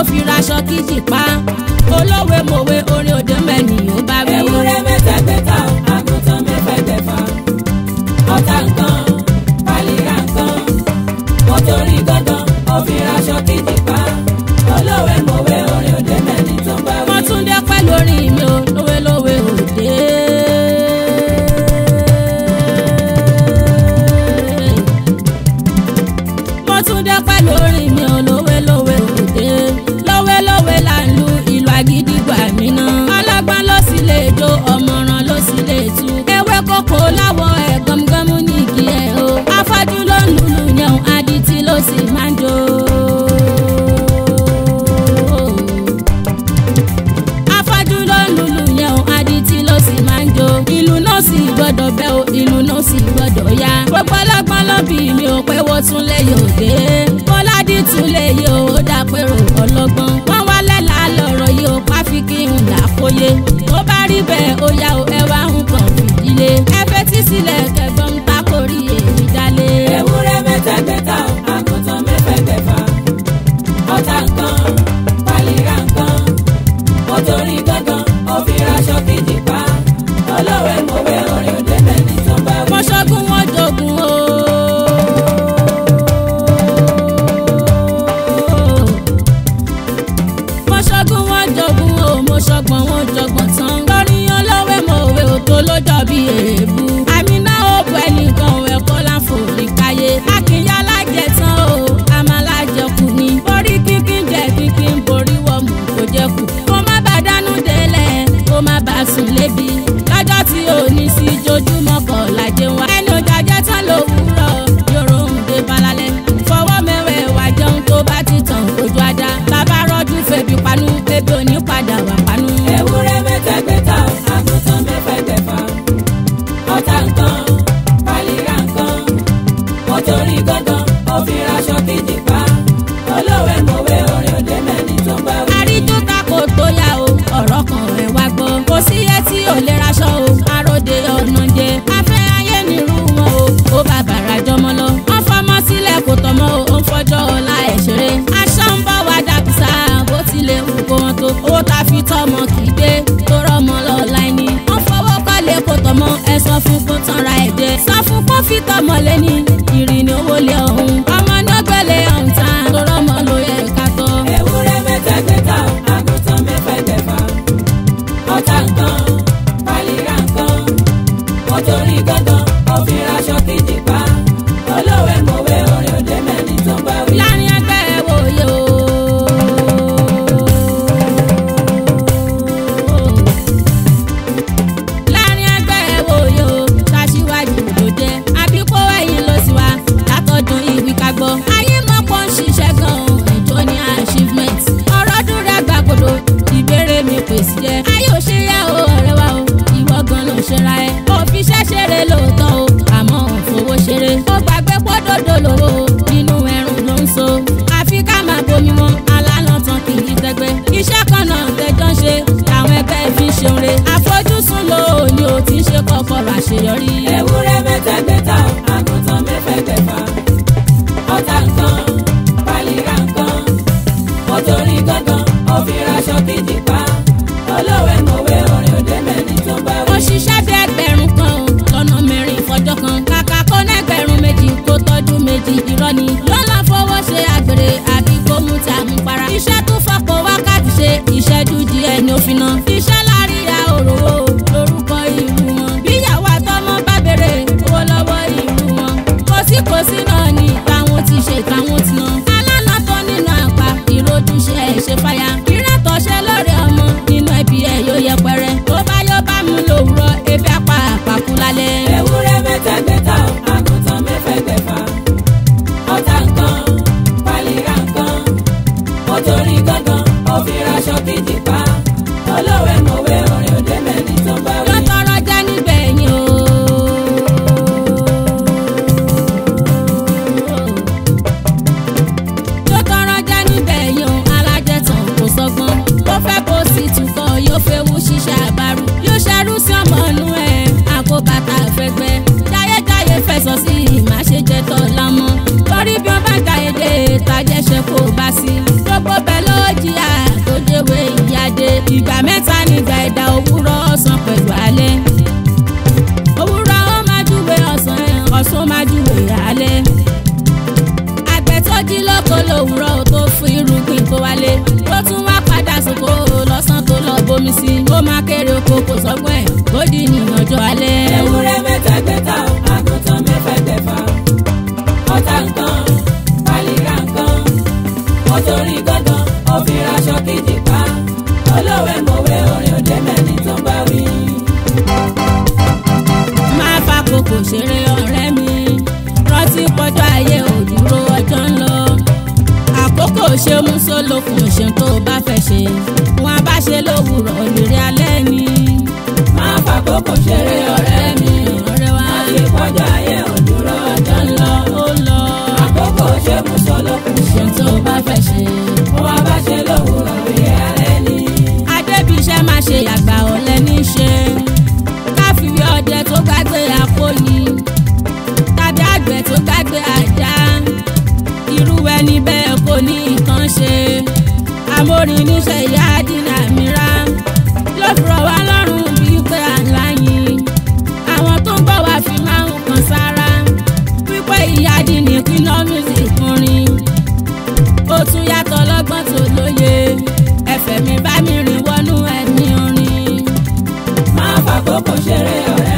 ó fi raṣọ kíjì pa olówe mòwe olówe. dé tó bá rí bẹ́ẹ̀ ó kò ṣeré ọ̀rẹ́ mi rántí pọ́jọ́ ayé ò dúró ọjọ́ ń lọ àkókò ṣe mú sólò fún ṣe tó bá fẹ́ ṣe wọn bá ṣe lówùrọ̀ òrìrì alẹ́ ni. má fàkókò ṣeré ọ̀rẹ́ mi ọ̀rẹ́ wa rántí pọ́jọ́ ayé ò dúró ọjọ́ ń lọ ó lọ àkókò ṣe mú sólò fún ṣe tó bá fẹ́ ṣe wọn bá ṣe lówùrọ̀ òrìrì alẹ́ ni. adébíṣẹ́ má ṣe àgbà ọ̀lẹ́ ní ṣe káfíńwé ọdẹ tó gbàgbé àpò pé ajá irú ẹni bẹ́ẹ̀ kò ní nǹkan ṣe amórin níṣẹ́ ìyá dínà mìíràn ló fi rọ̀ wá lọ́rùn bíi pé àlá yìí àwọn tó ń bọ̀ wá fi máa ń kàn sára wípé ìyá dínà kìlọ́ music kùnrin ó tún yàtọ̀ lọ́gbọ́n tó lóye ẹ̀fẹ̀ mi bá mi rìn wọnú ẹni orin. máa fàkókò ṣeré ọ̀rẹ́.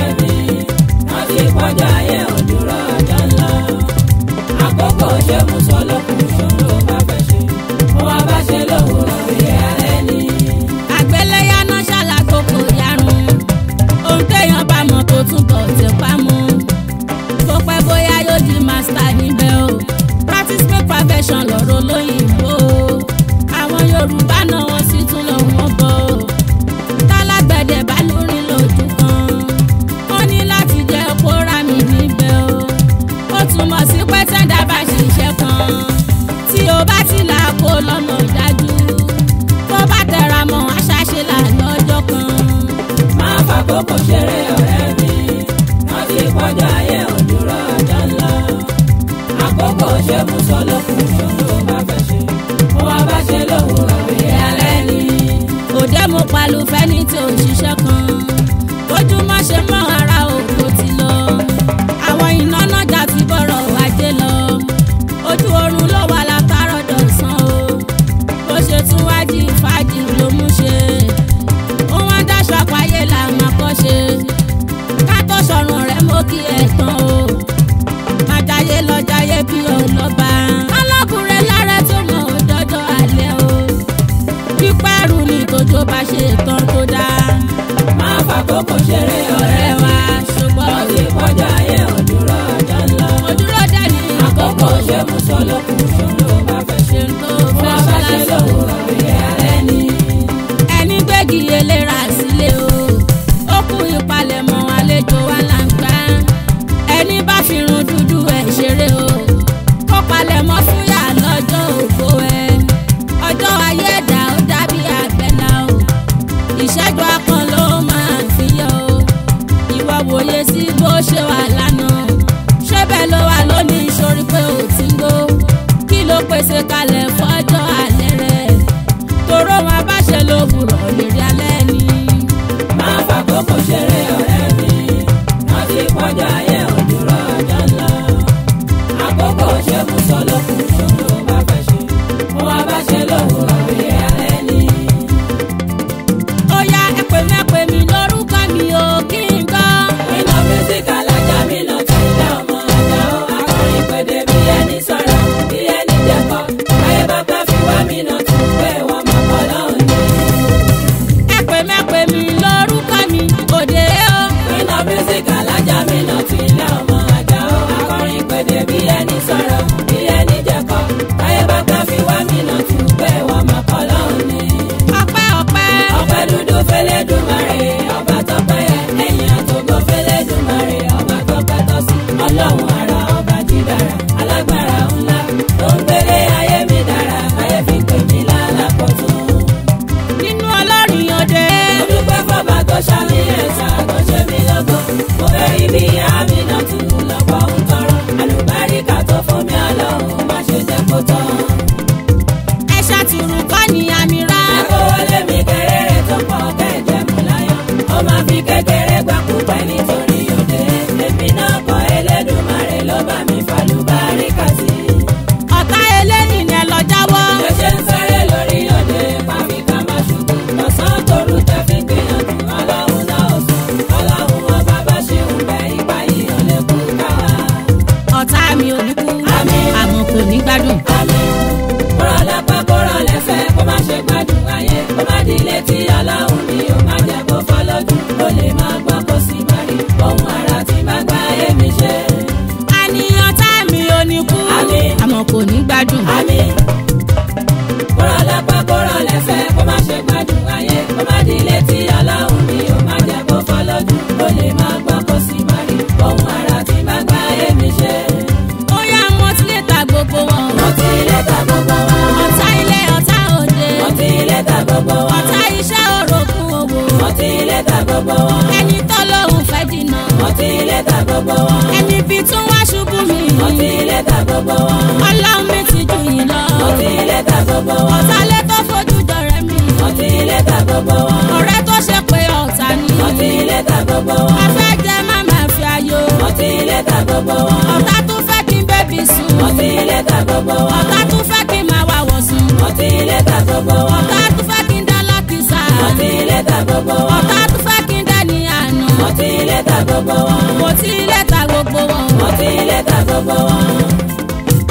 gbogbo wa. ọ̀gá tún fẹ́ kí n máa wá wọ̀ sùn. ọtí ilé ta gbogbo wa. ọ̀gá tún fẹ́ kí n dá láti sá. ọtí ilé ta gbogbo wa. ọ̀gá tún fẹ́ kí n dá ní àná. ọtí ilé ta gbogbo wa. ọtí ilé ta gbogbo wa. ọtí ilé ta gbogbo wa.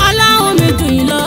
ọlọ́run mi dùn yín lọ.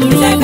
burú.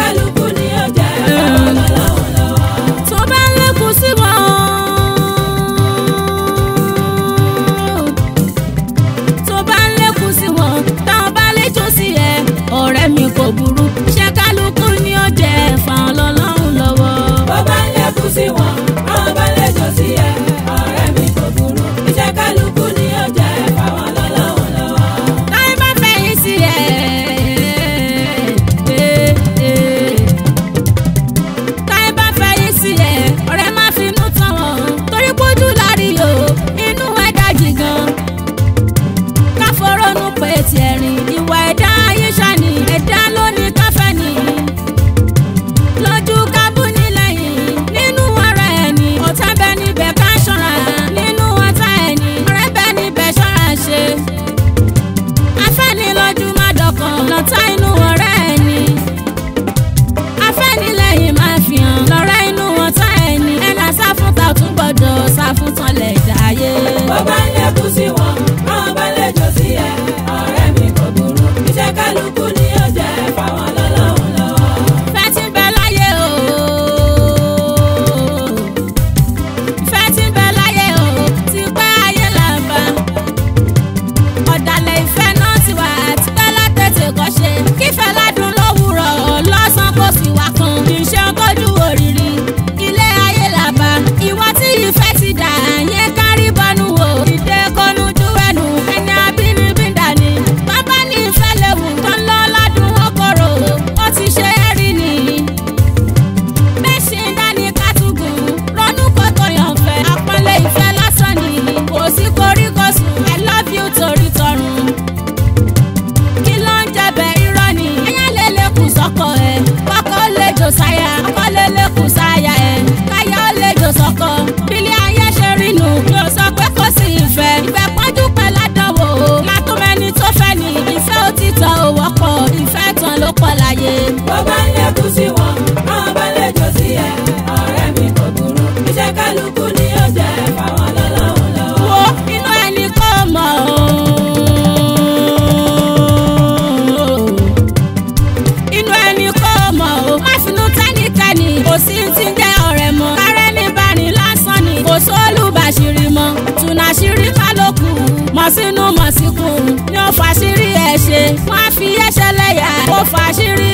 fàṣírí.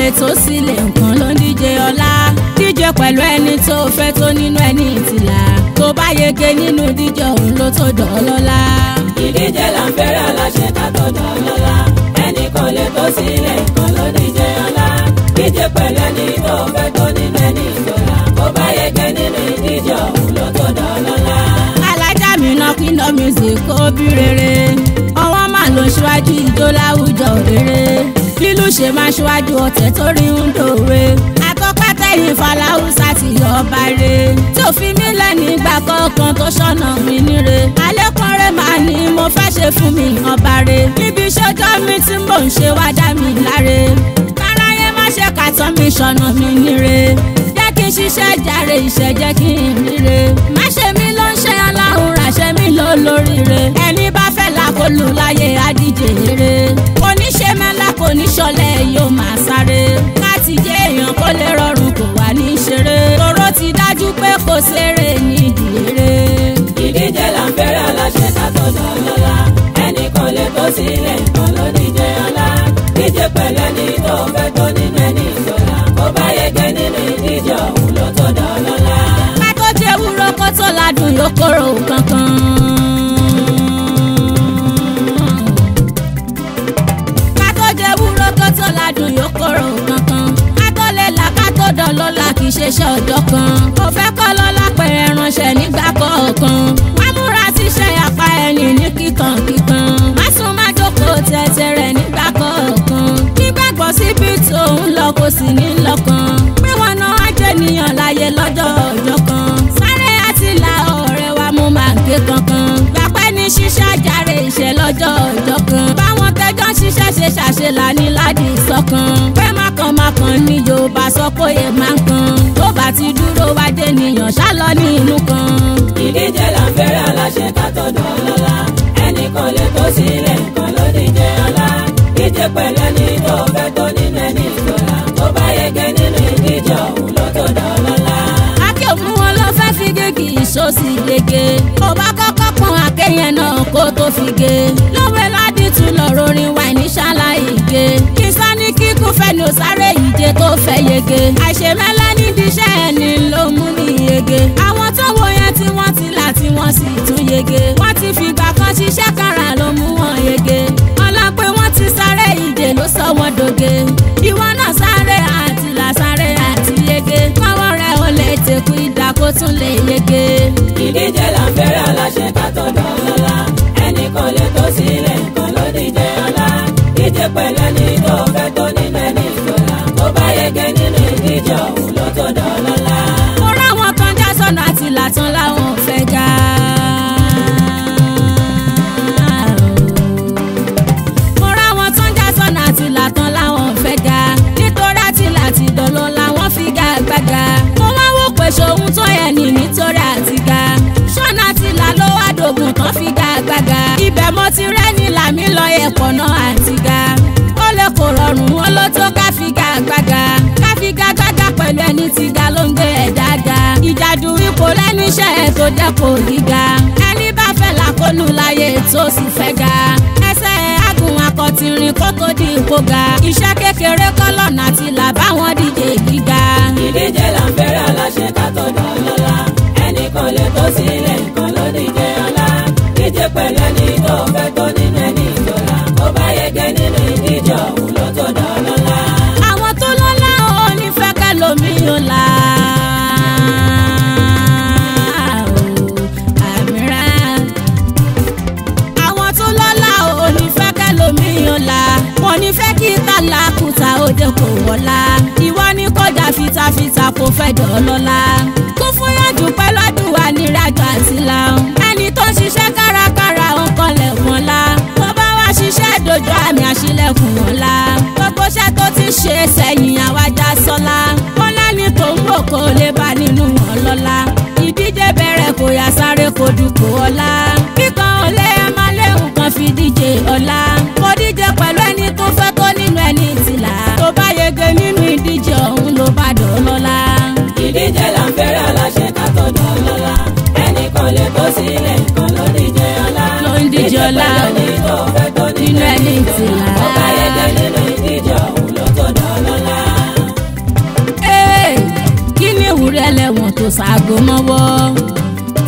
olè tó sílẹ̀ nǹkan ló ń díje ọlá díje pẹ̀lú ẹni tó fẹ́ tó nínú ẹni ìtìlá tó bá yege nínú díje òun ló tó dọ̀ ọ́ lọ́lá. ìdíje là ń fẹ́rẹ̀ aláṣẹ ká tó dọ̀ ọ́ lọ́lá ẹni kan lè tó sílẹ̀ nǹkan ló díje ọlá díje pẹ̀lú ẹni tó fẹ́ tó nínú ẹni ìtìlá tó bá yege nínú ìdíje òun ló tó dọ̀ ọ́ alájà mi náà kí n lọ music kó bí rere ló ṣíwájú ìjó láwùjọ òdèrè lílù ṣe máa ṣíwájú ọ̀tẹ̀ tó rí ń dòwe atọ́pátá yìí faláhùsá ti yọ ọba re tó fi mí lẹ́nu ìgbà kọ̀ọ̀kan tó ṣọ̀nà mi níre alẹ́kùn rẹ̀ máa ní mo fẹ́ ṣe fún mi ọba re níbi ṣọjọ́ mi tí mò ń ṣe wá dá mi láre káráyé má ṣe kàtọ́ mi ṣọ̀nà mi níre jẹ́ kí n ṣiṣẹ́ jàre ìṣẹ́ jẹ́ kí n ríre má ṣe mí ló ń ṣe aláhùn ràṣẹ́ mi ló lóríire ẹni bá f kólú láyé adíje eré oníṣẹ́ mẹ́lá kò ní ṣọlẹ̀ yóò máa sáré láti jẹ́ èèyàn kó lè rọrùn kò wá ní ṣeré tóró ti dájú pé kò ṣeré nídìí eré. ìdíje là ń fẹ́rẹ̀ aláṣẹ sátọ̀dọ̀ ọlọ́lá ẹnì kan lè tó sílẹ̀ nǹkan ló díje ọlá díje pẹ̀lẹ́ ní tó fẹ́ tó nínú ẹni ìṣọ̀lá kó bá yẹ jẹ́ nínú ìdíje ọ̀hún ló tó dọ̀ ọlọ́lá. ká tó jẹ́ wúrọ́ kó tó ládùn yóò kóró kankan. ṣẹ̀ṣẹ̀ ọ̀dọ́ kan kò fẹ́ kọ́ lọ́lá pẹ̀rẹ̀ ránṣẹ́ nígbà kọ̀ọ̀kan wá múra síṣẹ́ apá ẹni ní kíkankíkan má sún má jókòó tẹ̀tẹ̀ rẹ̀ nígbà kọ̀ọ̀kan nígbàgbọ́ síbi tóun lọ kò sì ní lọ́kàn pé wọn náà á jẹ́ ènìyàn láyé lọ́jọ́ ọjọ́ kan sáré àti là ọ̀rẹ́ wa mo máa ń ké kankan gbapẹ́ ní ṣíṣàjáre ìṣẹ́ lọ́jọ́ ọjọ́ kan ẹjọ́ ṣiṣẹ́ ṣe ṣàṣe lání láti sọ́kan pé mákànmákàn ní yorùbá sọ pé yẹ máa ń kan tó bá ti dúró wájé nìyàn ṣálọ ní inú kan. ìdíje la ń fẹ́rẹ́ aláṣẹ ká tó dán lọ́la ẹnì kan lè tó sílẹ̀ nǹkan ló díje ọlá díje pẹ̀lú ẹni tó fẹ́ tó nínú ẹni ìṣọ̀ra tó bá yege nínú ìdíje ọ̀hún ló tó dán lọ́la. akẹ́ òfin wọn ló fẹ́ fi gègé ìṣó sí gègé ó kọ́kọ́ pọn akẹ́yẹn náà kó tó fi gé lówe ládé ọ̀rọ̀ orin wa ní ṣàlàyé. kí sani kíkún fẹnu sáré ìje tó fẹ́ yege. àṣemẹ́lẹ́ nídìí iṣẹ́ ẹni ló mú mi yege. àwọn tó wo yẹn tí wọ́n ti là tí wọ́n sì tún yege. wọ́n ti fìgbà kan ṣiṣẹ́ kára ló mú wọn yege. ọlá pé wọ́n ti sáré ìje ló sọ wọ́n doge. ìwọ náà sáré àtìlà sáré àti yege. kọ́wọ́ rẹ̀ ò lè tẹ̀kù ìdá tún lè yege. ibẹ̀ mo ti rẹ́ni làmí lọ ẹ̀pọ̀nà àtìgá ó lè kó rọrùn ó ló tó káfígàgbága káfígàgbága pẹ̀lú ẹni tí ga ló ń gbé ẹ̀dá ga ìjàdù ipò lẹ́nu iṣẹ́ ẹ̀ tó jẹ́ kò gíga ẹni bá fẹ́ làkólú láyé tó sì fẹ́ ga ẹsẹ̀ agùn akọ̀tìrìn kókó di ipò ga iṣẹ́ kékeré kọ́ lọ́nà àti là báwọn díje gíga. ìdíje là ń fẹ́rẹ̀ aláṣẹ ká dá ọlọ́lá ẹnì kan lè tó sílẹ̀ nǹkan ló díje ọlá díje pẹ̀lú ẹni kò wọ́lá ìwọ ni kódà fitafita kò fẹ́ dọ́lọ́lá kó fún yànjú pẹ́ lọ́dúnwà nírajọ àti làwọn ẹni tó ń ṣiṣẹ́ kárakára ó kọlẹ̀ wọn la tó bá wá ṣiṣẹ́ dojú àmì àṣìlẹ̀kùn wọn la gbogbo iṣẹ́ tó ti ṣe sẹ́yìn àwájá sọ́lá wọn lẹ́ni tó ń wò kó lè bá nínú wọn lọ́la ìdíje bẹ̀rẹ̀ kò yà sáré kò dùkò ọ̀la. dọ́là nínú ẹni tìlá. ọba ẹ̀dẹ̀ nínú ìdíje ọ̀hún ló tó dọ́lọ́lá. kí ni ìwúrẹ́ lẹ́wọ̀n tó ṣaago mọ́wọ́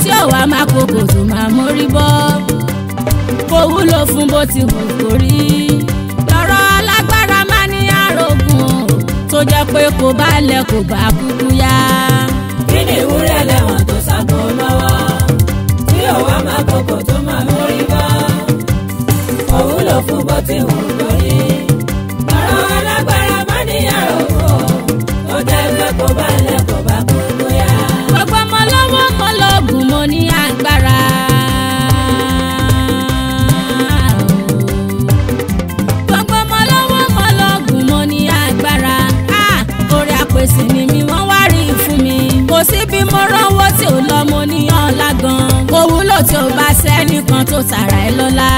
tí ọ̀wá máa kókò tó máa mórí bọ́ kò wúlò fún bó ti wù kórí lọ́rọ̀ alágbára máa ní àrògùn tó jẹ́ pé kò bá lẹ̀ kò bá kúkú yá. lò fún bó ti wù lórí. ọ̀rọ̀ alágbára má ní àròkọ ó dẹ́gbẹ́ kó bá lẹ̀ kó bá kó lóyà. gbogbo ọmọ lọ́wọ́ mọ́ lọ́gùn mo ní agbára. gbogbo ọmọ lọ́wọ́ mọ́ lọ́gùn mo ní agbára. orí àpèsè ni mi wọ́n wá rí fún mi. kò sí bí mo rọ́wọ́ tí ò lọ mo ní ọ̀la gan. kò wúlò tí ò bá sẹ́nìkan tó tààrà ẹ lọ́la.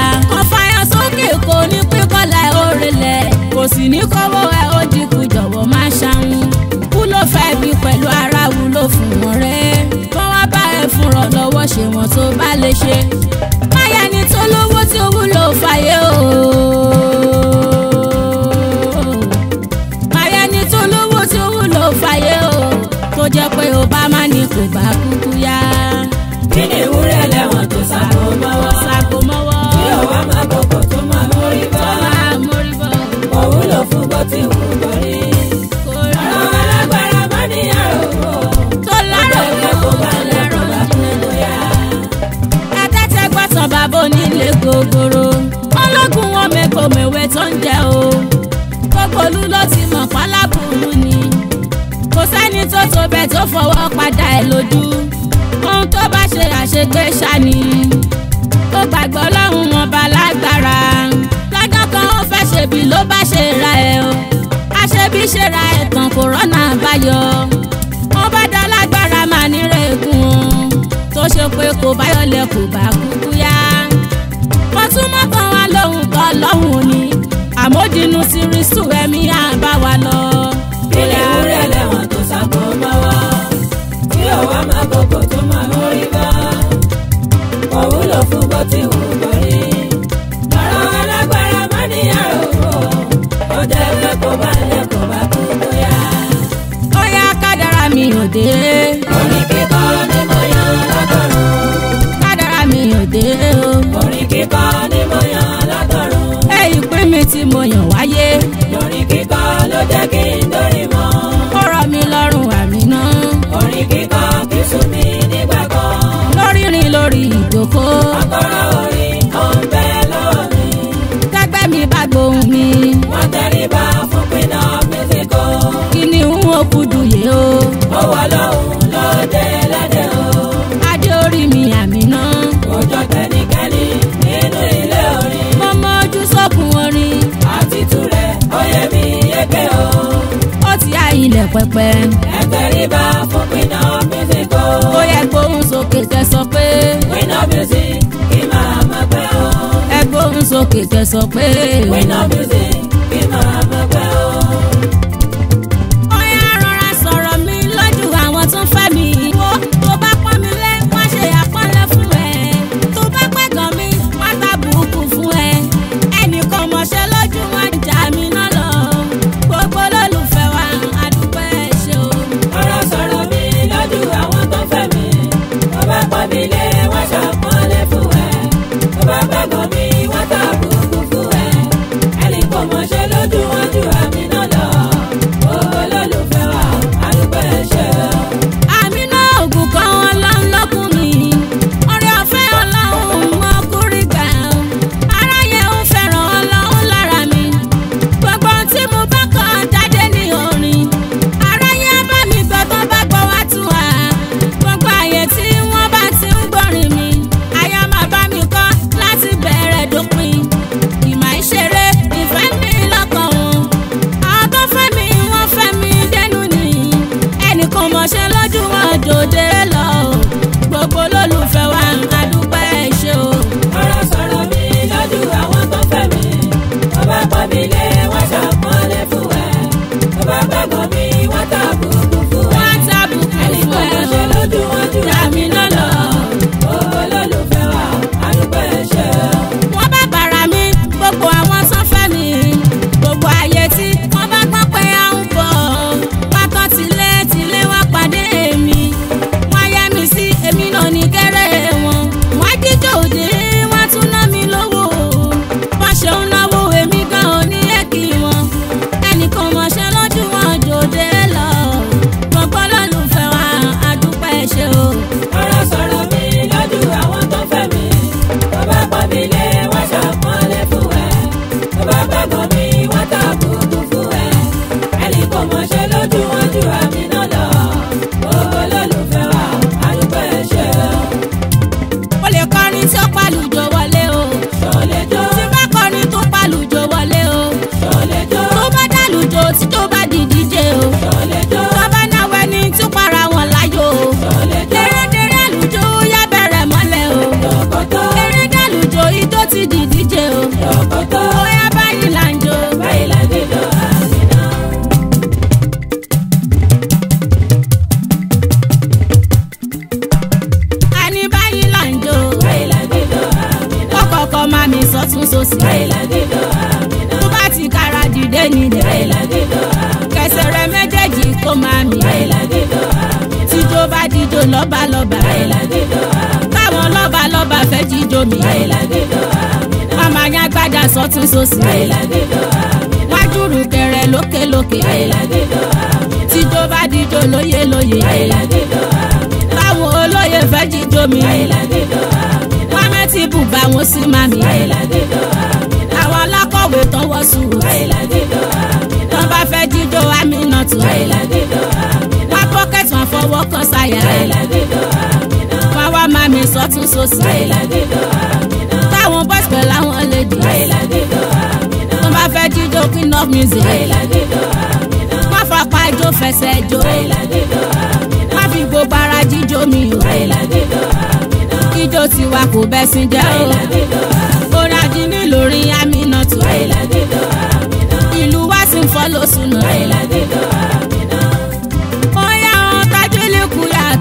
ṣe wọ́n tó bá lè ṣe máyà ni tó lówó tí ó wúlò fàyè o. máyà ni tó lówó tí ó wúlò fàyè o tó jẹ́ pé obama ni kò bá kúkú. ìgboro ọlọ́gùn wọn mẹ́kọ mẹ́wẹ́ tó ń jẹ o gbogbo olú ló ti mọ̀ pálákùnrin ni kò sẹ́ni tó tó bẹ́ẹ̀ tó fọwọ́ padà ẹ̀ lójú ohun tó bá ṣe àṣegbé ṣani tó gbàgbọ́ lọ́hùn wọn bá lágbára lọ́jọ́ kan ó fẹ́ ṣèbí ló bá ṣe ra ẹ̀ o àṣebí ṣe ra ẹ̀ tán kò rọ́nà àbáyọ wọn bá dá lágbára máa nírẹ̀ẹ́gùn o tó ṣe pé kò báyọ̀lẹ̀ kò bá kúkú yá lọ́hùn kọ́ lọ́hùn ni àmójinú sí rísù ẹ̀mí à bá wa lọ. ilé ìwúrẹ́ lẹ́wọ̀n tó sàpò mọ́wọ́ tí ò máa gbogbo tó máa mú rí bá kò wúlò fún bó ti wù bọ́ ni. lọ́rọ̀ alágbára má níyàrá òwò ọ̀dà ẹgbẹ́ kò bá lẹ̀ kò bá kú bóyá. ó yá kádàrá mi ò dé. oníkíkọ́ ni mo yan lọ́gọ́rùn-ún. kádàrá mi ò dé o. tí mo yàn wáyé. orin kíkọ ló jẹ́ kí n dórí mọ́. ọ̀rọ̀ mi lọ́rùn àmínà. orin kíkọ kìí sùn mí nígbà kan. lórí rìn lórí ìjókòó. àkọ́rọ̀ orin. pẹpẹ. ẹ tẹríba fún pinna music o. ó yẹ gbóhùn sókè kẹ́ sọ pé. pinna music kí máa máa pẹ́ o. ẹ gbóhùn sókè kẹ́ sọ pé. pinna music kí máa lọ́ba lọ́ba. káwọn lọ́ba lọ́ba fẹ́ jíjó mi. wọ́n máa yá gbádà sọ́tún sósì. wájú rùkẹ̀rẹ̀ lókèlókè. tíjó bá díjó lóye lóye. táwọn olóye fẹ́ jíjó mi. wọ́n mẹ́tì bùbá wọn sí mami. àwọn alákọ̀wé tọwọ́ sùn. tọ́ bá fẹ́ jíjó amínà tù fọwọ́ kọ sáyà. Fáwa máa mi sọ́tún sósì. Táwọn bọ́sì pẹ̀lú àwọn lèdì. Tó bá fẹ́ jíjó queen of music. Má fapá ijó fẹsẹ̀ jó. Má fi gbogbo ara jíjó mi o. Ijó tiwa kò bẹ́sìn jẹ́ o. Orin ajínigbé lórí Aminatu. Ìlú wa sì ń fọ́ lóṣù náà.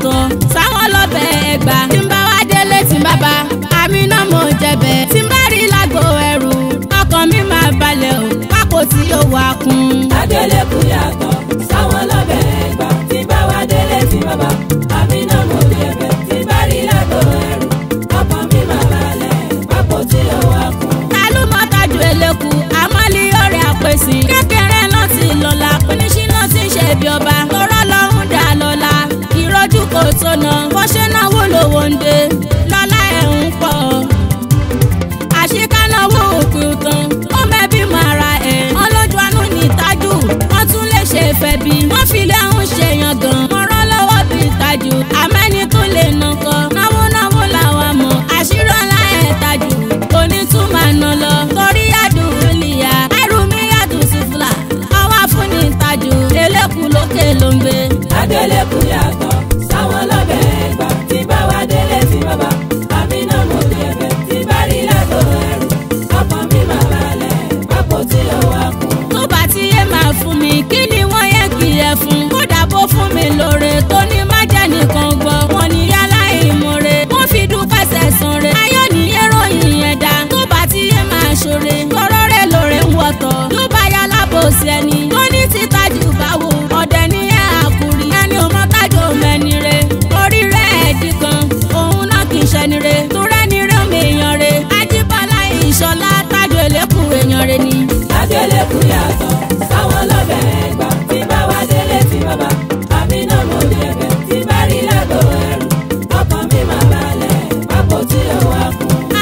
tán sáwọn lọ́bẹ̀ ẹgbà tí ń bá wá délé tí ń bàbá àmì náà mò ń jẹbẹ̀ tí ń bá rí lágbo ẹrù ọkàn mi máa balẹ̀ o pákó tí yóò wá kún. Adelekun yàtọ̀ sáwọn lọ́bẹ̀ ẹgbà tí ń bá wá délé tí ń bàbá àmì náà mò ń tí ń bá rí lágbo ẹrù ọkàn mi máa balẹ̀ pákó tí yóò wá kún. ta ló mọ tajú eléku àmọ́ lè yọ̀rẹ̀ àpèsè kékeré náà ti lọ́la oníṣínà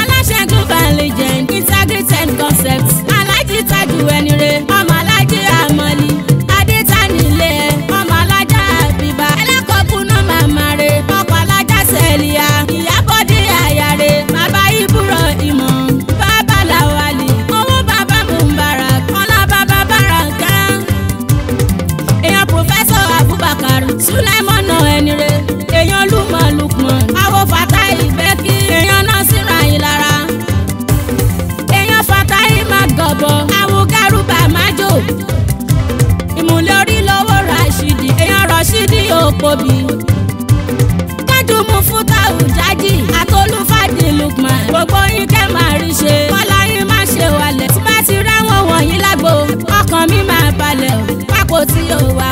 aláṣẹ́gun balẹ̀ jẹ́ integrated concept alájí tajú ẹni rẹ̀. Wow.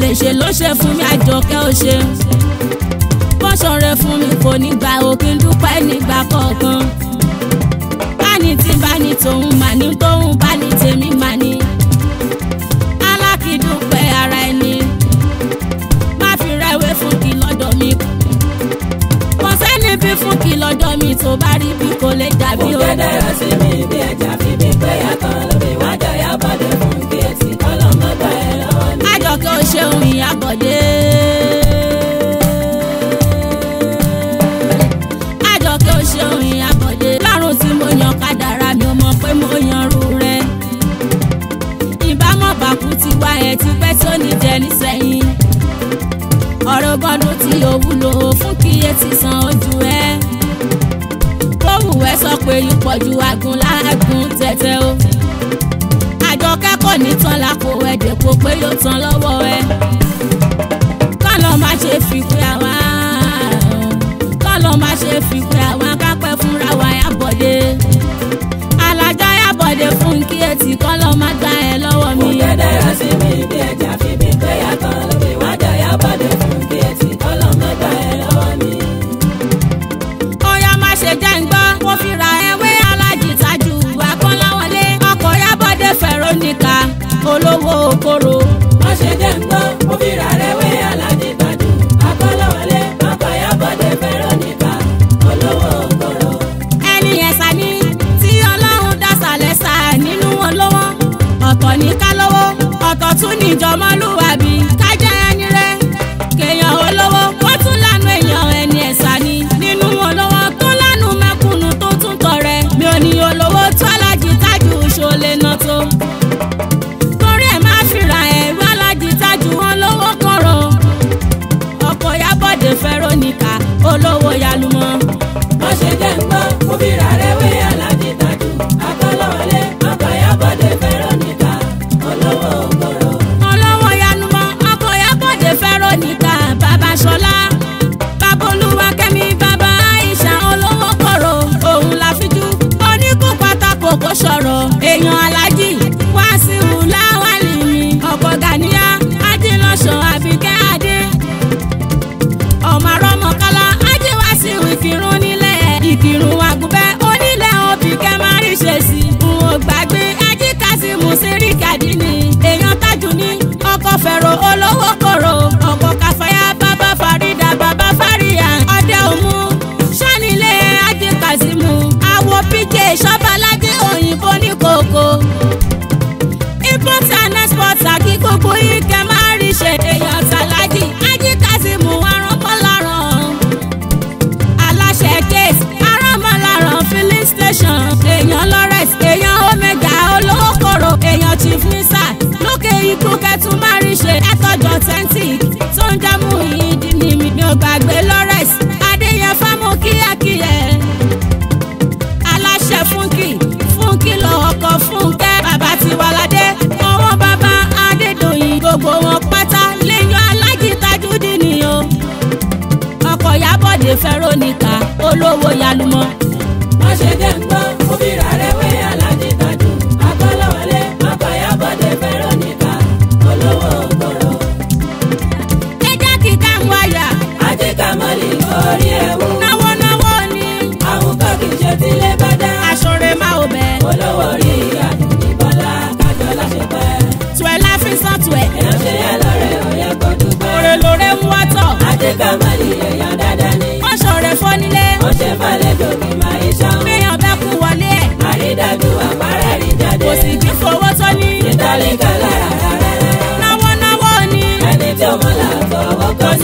lè ṣe ló ṣe fún mi àjọkẹ́ ò ṣe bọ́ṣọ̀ rẹ fún mi kò ní gba òkín dúpẹ́ nígbà kọ̀ọ̀kan bá ní tí bá ní tòun mà ní tóun bá ní tèmi mà ní alákìdúpẹ́ ara ẹni má fi rẹwé fún kí lọ́dọ̀ mi kò sẹ́ni bí fún kí lọ́dọ̀ mi tó bá rí bí kò lè dàbí o. mo dára sí mi bí ẹja fi bí pé yàtọ̀ lọ. tó ṣeun ìyá Bọ̀dé. Àjọkẹ́ ò ṣeun ìyá Bọ̀dé. lọ́rùn tí mo yan kádàrá mi ò mọ̀ pé mo yan ru rẹ̀. ìbámọ̀ bàkú ti wá ẹ̀ ti pẹ́ tó ní jẹ nísẹ̀yìn. ọ̀rọ̀ bọ́dún tí ó fún kíyè ti san ojú ẹ̀. kó wù ẹ́ sọ pé yípo ju àgùn láàgùn tẹ̀tẹ̀ o lọ kẹ́kọ̀ọ́ nìtàn làkó ẹ̀jẹ̀ kò pé yóò tán lọ́wọ́ ẹ. kọ́lọ́ má ṣe fi pé àwa kọ́lọ́ má ṣe fi pé àwa kápẹ́ fúnra wa yàbọ̀dé. alájà yàbọ̀dé fún kí etí kọ́lọ́ má gbà ẹ lọ́wọ́ mi. òdèdè ẹsẹ̀.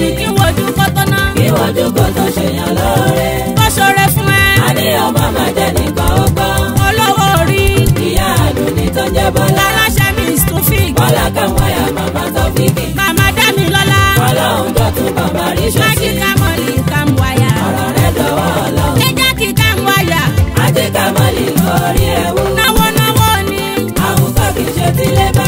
ti kí wojú kọ́tọ́ náà. kí wojú kọ́tọ́ ṣèyàn lóore. kọ́ṣọ rẹ fún ẹ. a ní ọmọ máa jẹ nìkan ọgbọ́n. olówó orí. ìyá àdùnní tó jẹ́ bọ́lá. aláṣẹ mi sùfìk. bọ́lá kan wáyà màmá tó fi kì. màmá dá mi lọ́lá. bọ́lá òun tó tún bàbá rí ṣe sí. májíkà mọ́lì kà ń wáyà. ọ̀rọ̀ rẹ dọ̀wọ́ ọlọ́run. ẹja kíkà ń wáyà. májíkà mọ́lì lórí ẹ̀wù. náwó náwó ni. àwùjọ kì í ṣe tilẹ̀ bá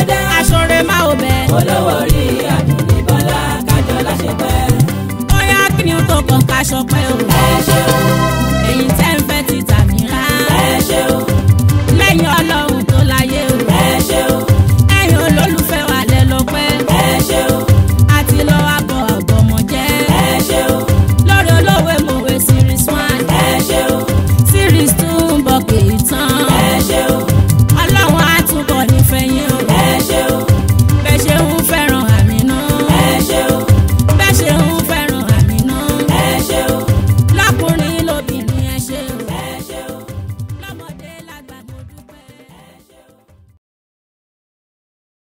kan ká sọpẹ́ o. ẹ ṣeun. èyí tẹ́